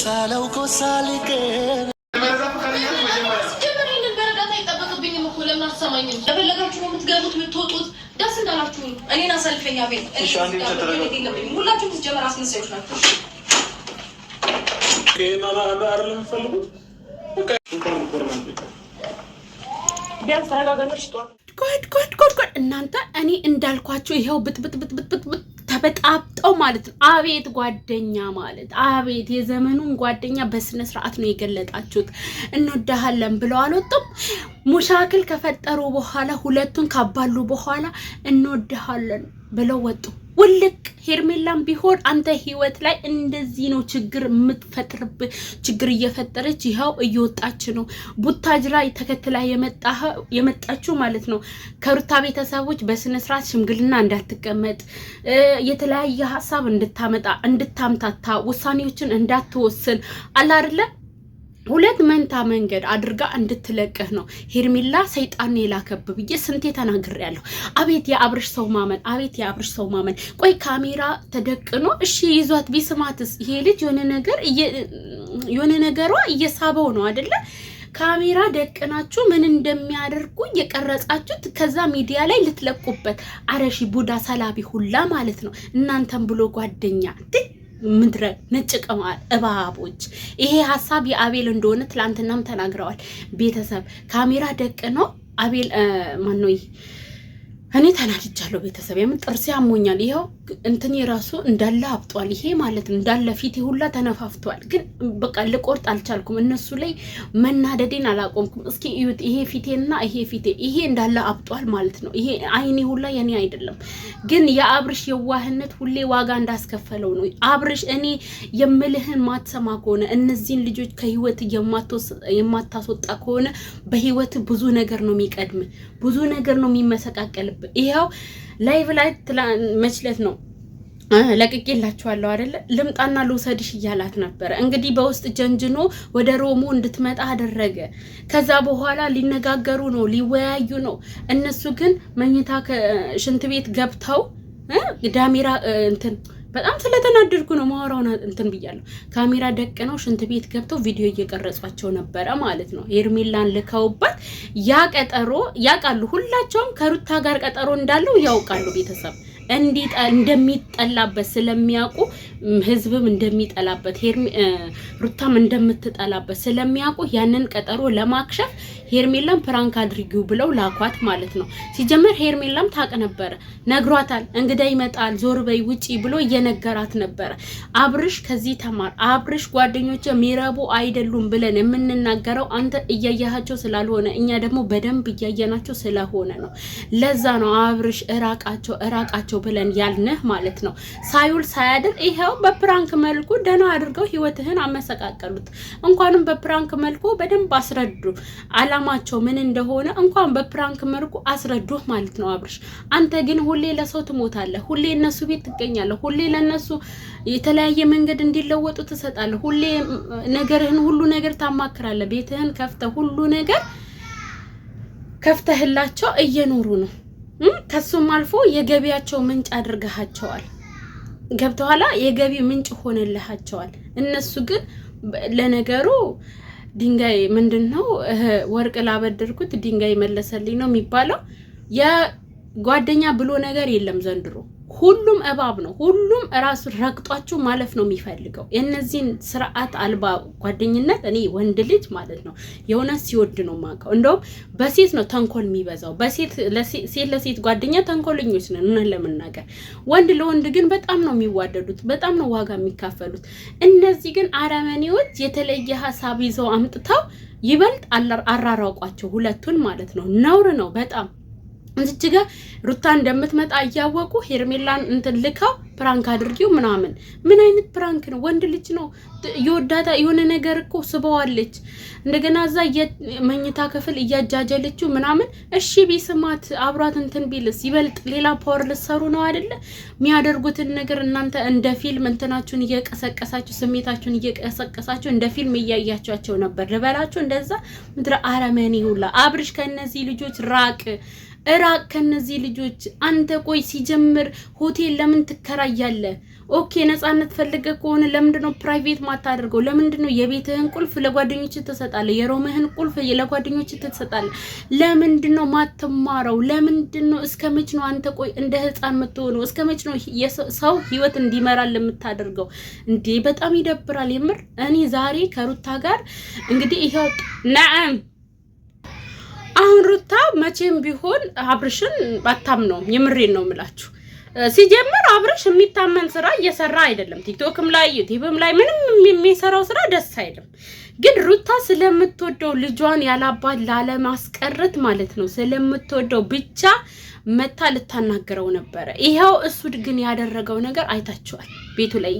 ሳላውቀው ሳልቀር የፈለጋችሁ ነው የምትገቡት የምትወጡት፣ ደስ እንዳላችሁ እኔን አሳልፈኛ ቤት ሁላችሁም ስትጀመር አስመሳዮች ናቸው። ጓድ ጓድ ጓድ ጓድ እናንተ እኔ እንዳልኳችሁ ይኸው ብጥብጥብጥብጥብጥ ተበጣብጠው ማለት ነው። አቤት ጓደኛ ማለት አቤት የዘመኑን ጓደኛ በስነ ስርዓት ነው የገለጣችሁት። እንወዳሃለን ብለው አልወጡም። ሙሻክል ከፈጠሩ በኋላ ሁለቱን ካባሉ በኋላ እንወዳሃለን ብለው ወጡ። ውልቅ ሄርሜላም ቢሆን አንተ ህይወት ላይ እንደዚህ ነው ችግር የምትፈጥርብ ችግር እየፈጠረች ይኸው እየወጣች ነው። ቡታጅራ ተከትላ የመጣችው ማለት ነው። ከሩታ ቤተሰቦች በስነ ስርዓት ሽምግልና እንዳትቀመጥ፣ የተለያየ ሀሳብ እንድታመጣ፣ እንድታምታታ፣ ውሳኔዎችን እንዳትወስን አላርለ ሁለት መንታ መንገድ አድርጋ እንድትለቅህ ነው ሄርሜላ ሰይጣን የላከብ ብዬ ስንቴ ያለሁ አቤት የአብርሽ ሰው ማመን፣ አቤት የአብርሽ ሰው ማመን። ቆይ ካሜራ ተደቅኖ እሺ ይዟት ቢስማትስ? ይሄ ልጅ የሆነ ነገር የሆነ ነገሯ እየሳበው ነው አይደለ? ካሜራ ደቅናችሁ ምን እንደሚያደርጉ እየቀረጻችሁት ከዛ ሚዲያ ላይ ልትለቁበት። አረሺ ቡዳ ሰላቢ ሁላ ማለት ነው እናንተን ብሎ ጓደኛ ምድረ ነጭ ቅማል እባቦች። ይሄ ሀሳብ የአቤል እንደሆነ ትላንትናም ተናግረዋል። ቤተሰብ ካሜራ ደቅ ነው አቤል ማነው? እኔ ተናድጃለሁ። ቤተሰብ የምን ጥርሴ አሞኛል። ይኸው እንትን የራሱ እንዳለ አብጧል። ይሄ ማለት እንዳለ ፊቴ ሁላ ተነፋፍቷል። ግን በቃ ልቆርጥ አልቻልኩም። እነሱ ላይ መናደዴን አላቆምኩም። እስኪ እዩት። ይሄ ፊቴና ይሄ ፊቴ ይሄ እንዳለ አብጧል ማለት ነው። ይሄ አይኔ ሁላ የኔ አይደለም። ግን የአብርሽ የዋህነት ሁሌ ዋጋ እንዳስከፈለው ነው። አብርሽ፣ እኔ የምልህን ማትሰማ ከሆነ እነዚህን ልጆች ከህይወት የማታስወጣ ከሆነ በህይወት ብዙ ነገር ነው የሚቀድም፣ ብዙ ነገር ነው የሚመሰቃቀል አለብን። ይኸው ላይቭ ላይ መችለት ነው ለቅቄላችኋለሁ አይደለ? ልምጣና ልውሰድሽ እያላት ነበረ። እንግዲህ በውስጥ ጀንጅኖ ወደ ሮሞ እንድትመጣ አደረገ። ከዛ በኋላ ሊነጋገሩ ነው፣ ሊወያዩ ነው። እነሱ ግን መኝታ ሽንት ቤት ገብተው ዳሜራ እንትን በጣም ስለተናደድኩ ነው ማወራውን እንትን ብያለሁ። ካሜራ ደቅነው ሽንት ቤት ገብተው ቪዲዮ እየቀረጿቸው ነበረ ማለት ነው። ሄርሜላን ልከውባት ያ ቀጠሮ ያውቃሉ። ሁላቸውም ከሩታ ጋር ቀጠሮ እንዳለው ያውቃሉ። ቤተሰብ እንደሚጠላበት ስለሚያውቁ ህዝብም እንደሚጠላበት ሩታም እንደምትጠላበት ስለሚያውቁ ያንን ቀጠሮ ለማክሸፍ ሄርሜላም ፕራንክ አድርጊው ብለው ላኳት ማለት ነው። ሲጀመር ሄርሜላም ታቅ ነበረ፣ ነግሯታል። እንግዳ ይመጣል፣ ዞር በይ ውጪ ብሎ እየነገራት ነበረ። አብርሽ ከዚህ ተማር አብርሽ። ጓደኞች የሚረቡ አይደሉም ብለን የምንናገረው አንተ እያያቸው ስላልሆነ እኛ ደግሞ በደንብ እያየናቸው ስለሆነ ነው። ለዛ ነው አብርሽ እራቃቸው እራቃቸው ብለን ያልንህ ማለት ነው። ሳይውል ሳያድር ይኸው በፕራንክ መልኩ ደህና አድርገው ህይወትህን አመሰቃቀሉት። እንኳንም በፕራንክ መልኩ በደንብ አስረዱ። አላማቸው ምን እንደሆነ እንኳን በፕራንክ መልኩ አስረዶህ ማለት ነው አብርሽ። አንተ ግን ሁሌ ለሰው ትሞታለህ፣ ሁሌ እነሱ ቤት ትገኛለህ፣ ሁሌ ለእነሱ የተለያየ መንገድ እንዲለወጡ ትሰጣለህ፣ ሁሌ ነገርህን ሁሉ ነገር ታማክራለህ። ቤትህን ከፍተህ ሁሉ ነገር ከፍተህላቸው እየኖሩ ነው። ከሱም አልፎ የገቢያቸው ምንጭ አድርገሃቸዋል። ገብተኋላ የገቢ ምንጭ ሆነልሃቸዋል። እነሱ ግን ለነገሩ ድንጋይ ምንድን ነው ወርቅ ላበደርኩት ድንጋይ መለሰልኝ ነው የሚባለው። የጓደኛ ብሎ ነገር የለም ዘንድሮ ሁሉም እባብ ነው። ሁሉም እራሱ ረግጧችሁ ማለፍ ነው የሚፈልገው። የእነዚህን ስርዓት አልባ ጓደኝነት እኔ ወንድ ልጅ ማለት ነው የእውነት ሲወድ ነው የማውቀው። እንደውም በሴት ነው ተንኮል የሚበዛው። ሴት ለሴት ጓደኛ ተንኮለኞች ነን እውነት ለመናገር። ወንድ ለወንድ ግን በጣም ነው የሚዋደዱት፣ በጣም ነው ዋጋ የሚካፈሉት። እነዚህ ግን አረመኔዎች የተለየ ሀሳብ ይዘው አምጥተው ይበልጥ አራራቋቸው ሁለቱን ማለት ነው። ነውር ነው በጣም እዚች ሩታ እንደምትመጣ እያወቁ ሄርሜላን እንትን ፕራንክ አድርጊው ምናምን። ምን አይነት ፕራንክ ነው? ወንድ ልጅ ነው የወዳታ የሆነ ነገር እኮ ስበዋለች። እንደገና እዛ መኝታ ክፍል እያጃጀለችው ምናምን። እሺ ቢስማት አብሯት እንትን ቢልስ ይበልጥ ሌላ ፓወር ልሰሩ ነው አይደለ? የሚያደርጉትን ነገር እናንተ እንደ ፊልም እንትናችሁን እየቀሰቀሳችሁ ስሜታችሁን እየቀሰቀሳችሁ እንደ ፊልም እያያቸዋቸው ነበር ልበላችሁ። እንደዛ ምድረ አረመኔ ሁላ አብርሽ ከእነዚህ ልጆች ራቅ እራቅ ከነዚህ ልጆች። አንተ ቆይ ሲጀምር ሆቴል ለምን ትከራያለ? ኦኬ ነፃነት ፈልገ ከሆነ ለምንድነው ነው ፕራይቬት ማታደርገው? ለምንድን ነው የቤትህን ቁልፍ ለጓደኞች ትሰጣለ? የሮምህን ቁልፍ ለጓደኞች ትሰጣለ? ለምንድነው ነው ማትማረው? ለምንድነው ነው እስከ መች ነው አንተ ቆይ እንደ ህፃን የምትሆነው? እስከ መች ነው ሰው ህይወት እንዲመራል የምታደርገው? እንዴ በጣም ይደብራል የምር እኔ ዛሬ ከሩታ ጋር እንግዲህ ይኸው ነአም አሁን ሩታ መቼም ቢሆን አብርሽን ባታምነውም የምሬን ነው የምላችሁ። ሲጀምር አብርሽ የሚታመን ስራ እየሰራ አይደለም። ቲክቶክም ላይ ዩቲብም ላይ ምንም የሚሰራው ስራ ደስ አይልም። ግን ሩታ ስለምትወደው ልጇን ያላባት ላለማስቀረት ማለት ነው ስለምትወደው ብቻ መታ ልታናገረው ነበረ። ይኸው እሱ ግን ያደረገው ነገር አይታችኋል። ቤቱ ላይ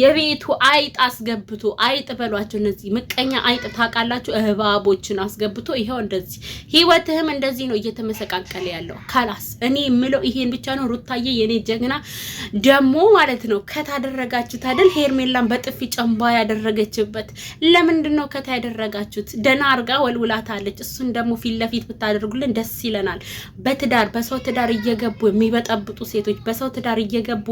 የቤቱ አይጥ አስገብቶ አይጥ በሏቸው። እነዚህ ምቀኛ አይጥ ታውቃላችሁ፣ እባቦችን አስገብቶ ይኸው እንደዚህ ህይወትህም እንደዚህ ነው እየተመሰቃቀለ ያለው። ካላስ እኔ የምለው ይሄን ብቻ ነው። ሩታዬ የኔ ጀግና ደግሞ ማለት ነው ከታደረጋችሁት አይደል ሄርሜላን በጥፊ ጨንባ ያደረገችበት ለምንድን ነው ከታ ያደረጋችሁት? ደና አርጋ ወልውላታለች። እሱን ደግሞ ፊት ለፊት ብታደርጉልን ደስ ይለናል። በትዳር በሰው ትዳር እየገቡ የሚበጠብጡ ሴቶች በሰው ትዳር እየገቡ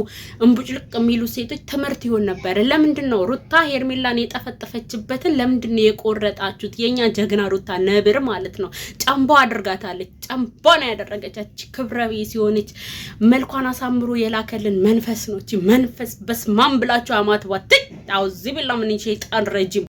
እምቡጭልቅ የሚሉ ሴቶች ትምህርት ይሆን ነበር። ለምንድን ነው ሩታ ሄርሜላን የጠፈጠፈችበትን ለምንድን ነው የቆረጣችሁት? የእኛ ጀግና ሩታ ነብር ማለት ነው ጨምቦ አድርጋታለች። ጨምቦ ነው ያደረገቻች። ክብረ ሲሆነች መልኳን አሳምሮ የላከልን መንፈስ ነው። መንፈስ በስማም ብላችሁ አማትባት አውዚ ቢላ ምን ሸይጣን ረጅም